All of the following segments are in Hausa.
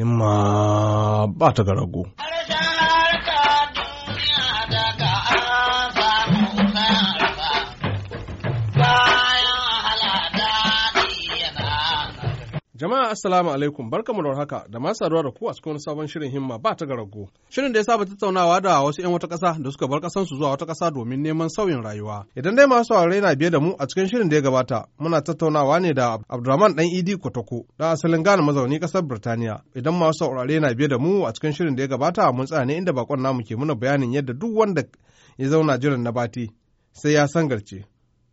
in ma ba ta ga rago. Jama'a assalamu alaikum barkamu da haka da masu saduwa da ku a cikin sabon shirin himma ba ta garago. Shirin da ya saba tattaunawa da wasu 'yan wata ƙasa da suka bar ƙasansu zuwa wata ƙasa domin neman sauyin rayuwa. Idan dai masu saurare na biye da mu a cikin shirin da ya gabata muna tattaunawa ne da Abdulrahman Dan Idi Kotoko da asalin Ghana mazauni ƙasar Birtaniya. Idan masu saurare na biye da mu a cikin shirin da ya gabata mun tsaya ne inda bakon namu ke muna bayanin yadda duk wanda ya zauna jiran na bati sai ya sangarce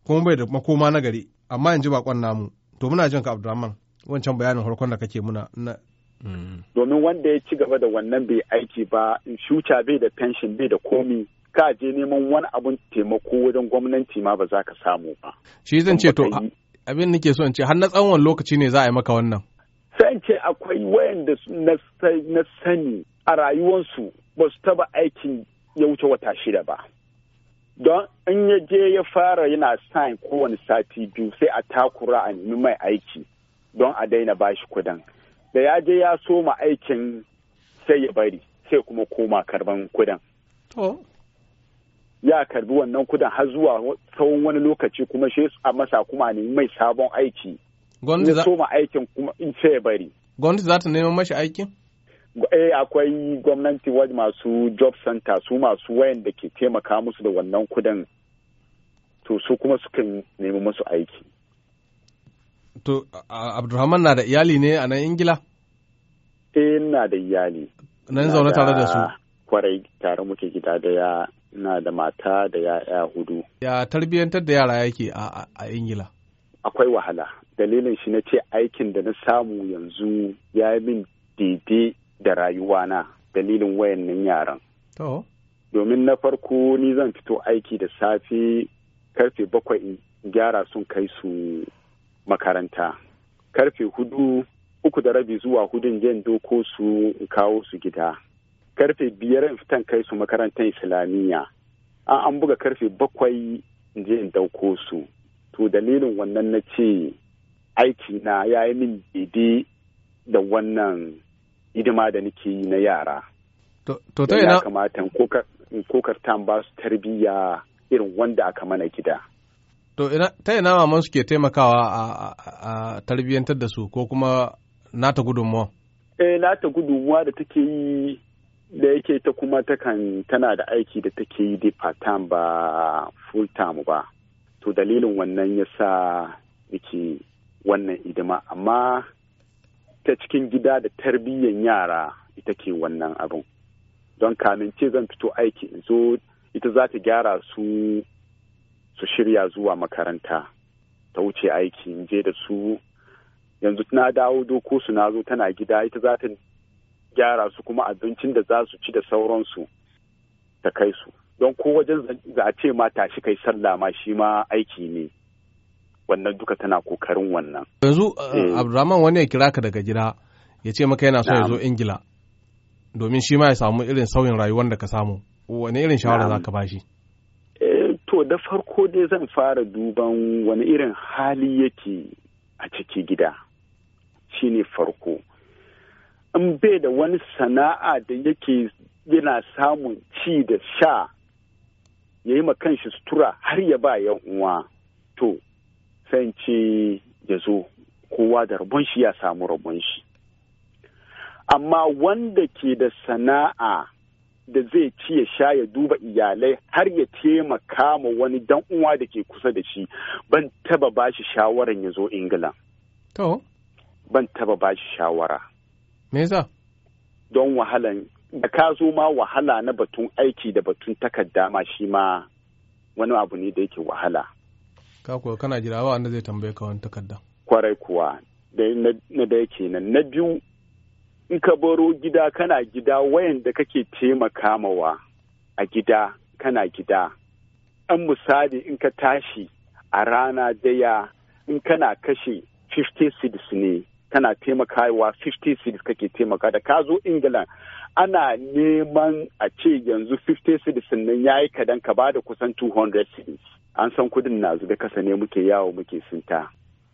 kuma bai da makoma na gari amma in bakon namu. To muna jin ka Abdurrahman. wancan bayanin harkon da kake muna domin wanda ya ci gaba da wannan bai aiki ba shuca bai da pension bai da komi ka je neman wani abun taimako wajen gwamnati ma ba za ka samu ba shi zan ce to abin nake so in ce har na tsawon lokaci ne za a yi maka wannan sai ce akwai wayanda na sani a rayuwarsu ba su taba aikin ya wuce wata shida ba don in ya je ya fara yana sign kowane sati biyu sai a takura a nemi mai aiki don a daina bashi kudin da ya je ya soma aikin sai ya bari sai kuma koma karban kudin ya karbi wannan kudin har zuwa tsawon wani lokaci kuma shi a masa kuma ne mai sabon aiki gwamnati soma aikin kuma in sai ya bari gwamnati za ta neman mashi aiki. eh akwai gwamnati wajen masu job center su masu wayan da ke taimaka musu da wannan kudin to su kuma sukan nemi musu aiki To, Abdulrahman na da iyali ne a nan Ingila? Eh, na da iyali. Nan zaune tare da su? Kwarai tare muke gida da ya na da mata da ya'ya hudu. Ya tarbiyyantar da yara yake a Ingila? Akwai wahala. Dalilin shi na ce aikin da na samu yanzu ya yi min daidai da rayuwana dalilin wayannan yaran. To. Domin na farko ni zan fito aiki da safe karfe bakwai in gyara sun kai su makaranta karfe hudu uku da rabi zuwa hudun jan doko su kawo su gida karfe biyar in fitan kai su makarantar islamiyya an an buga karfe bakwai in je in dauko su to dalilin wannan na ce aiki na ya yi min daidai da wannan hidima da nake yi na yara to ta ya kamata in ta ba su tarbiyya irin wanda aka mana gida To ta ina mamansu ke taimakawa a tarbiyyantar da su ko kuma nata gudunmuwa? Eh nata gudunmuwa da take yi da yake ta kuma takan tana da aiki da take yi da part time ba full time ba. To dalilin wannan sa nake wannan idima amma ta cikin gida da tarbiyyan yara ita ke wannan abin. Don kamin ce zan fito aiki in zo ita za ta gyara su su shirya zuwa makaranta ta wuce aiki in je da su yanzu na dawo doko su na zo tana gida ita za ta gyara su kuma abincin da za su ci da sauransu ta kai su don ko wajen za a ce ma tashi kai sallah ma shi ma aiki ne wannan duka tana kokarin wannan yanzu uh, eh. abdurrahman wani ya kira ka daga gida ya ce maka yana so ya zo ingila domin shi ma ya samu irin sauyin rayuwar da ka samu wani irin shawara za ka ba da farko dai zan fara duban wani irin hali yake a ciki gida shine farko in bai da wani sana'a da yake yana samun ci da sha ya yi kanshi sutura har ya ba yan uwa to sai ce ya zo kowa da rabon shi ya samu rabon shi amma wanda ke da sana'a da zai ci ya sha ya duba iyalai har ya taimaka ma wani dan uwa da ke kusa da shi ban taba ba shi shawaran ya zo ingila to ban taba ba shi shawara me yasa don wahalan da ka zo ma wahala na batun aiki da batun takarda ma shi ma wani abu ne da yake wahala ka kuwa kana jira wanda zai tambaye ka wani takarda kwarai kuwa na da yake nan na biyu in ka baro gida kana gida wayanda kake taimaka mawa a gida kana gida an misali in ka tashi a rana daya in kana kashe 50 cities ne kana taimakawa 50 cities kake taimaka da ka zo ingilan. ana neman a ce yanzu 50 cities nan ya yi kadan ka bada kusan 200 cities an san kudin na zube kasa ne muke yawo muke sinta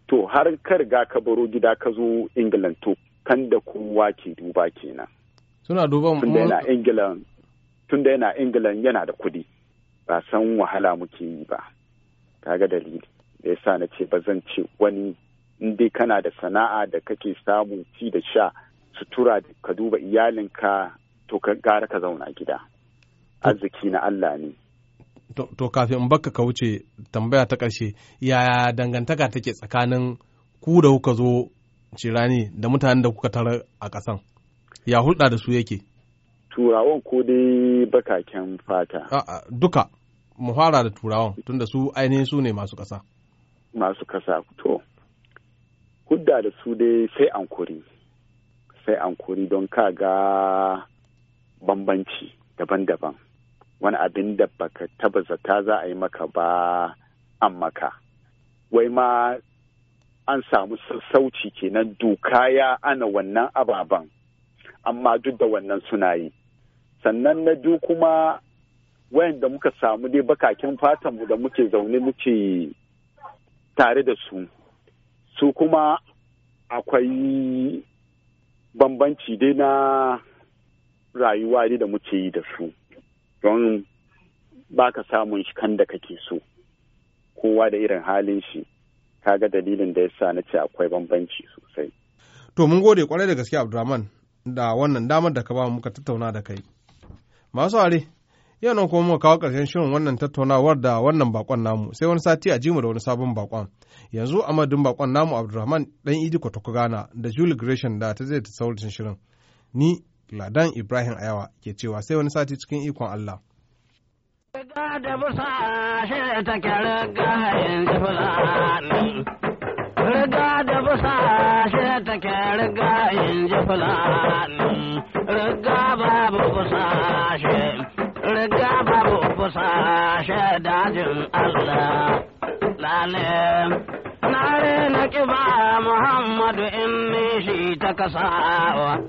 to har ka riga ka baro gida ka zo england to kan da kowa ke duba kenan suna duban tunda yana ingila tunda yana ingila yana da kuɗi. ba san wahala muke yi ba kaga dalili da ya sa na ce ba zan ce wani in dai kana da sana'a da kake samu ci da sha sutura ka duba iyalinka to ka gara ka zauna gida arziki na Allah ne to kafin in baka ka wuce tambaya ta ƙarshe yaya dangantaka take tsakanin ku da kuka zo cirani da mutanen da kuka tara a ƙasan ya hulɗa da su yake turawan ko dai bakaken fata a'a duka mu fara da turawan tunda su ainihin su ne masu ƙasa masu ƙasa to hudda da su dai sai an kuri sai an kuri don ka ga bambanci daban-daban wani abin da baka taba zata za a yi maka ba an maka wai ma an samu sassauci kenan doka ya ana wannan ababen amma duk da wannan suna yi sannan na biyu kuma wayanda muka samu dai bakakin fatanmu da muke zaune muke tare da su su kuma akwai bambanci dai na rayuwa dai da muke yi da su don ba ka samun shi kan da kake so kowa da irin halin shi kaga dalilin da yasa na ce akwai bambanci sosai to mun gode kwarai da gaske Abdulrahman da wannan damar da ka ba muka tattauna da kai masu are yau nan kuma muka kawo ƙarshen shirin wannan tattaunawar da wannan bakon namu sai wani sati a jimu da wani sabon bakon yanzu a madadin bakon namu Abdulrahman ɗan Idi Kotokogana da Julie Gresham da ta zai ta saurin shirin ni Ladan Ibrahim Ayawa ke cewa sai wani sati cikin ikon Allah riga da busa shi take riga yanzu fulani. Riga da busa shi take riga yanzu fulani. Riga babu busa shi, riga babu busa shi dajin Allah. Lale. Na na ƙiba Muhammadu in shi ta kasawa.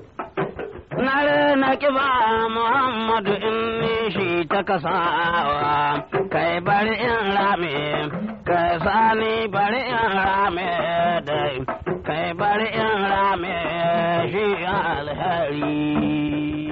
na rena kiba Muhammadu in ni shi ta kasawa, kai bari in rame, kai sani bari in rame dai, kai bari in rame shi alhari.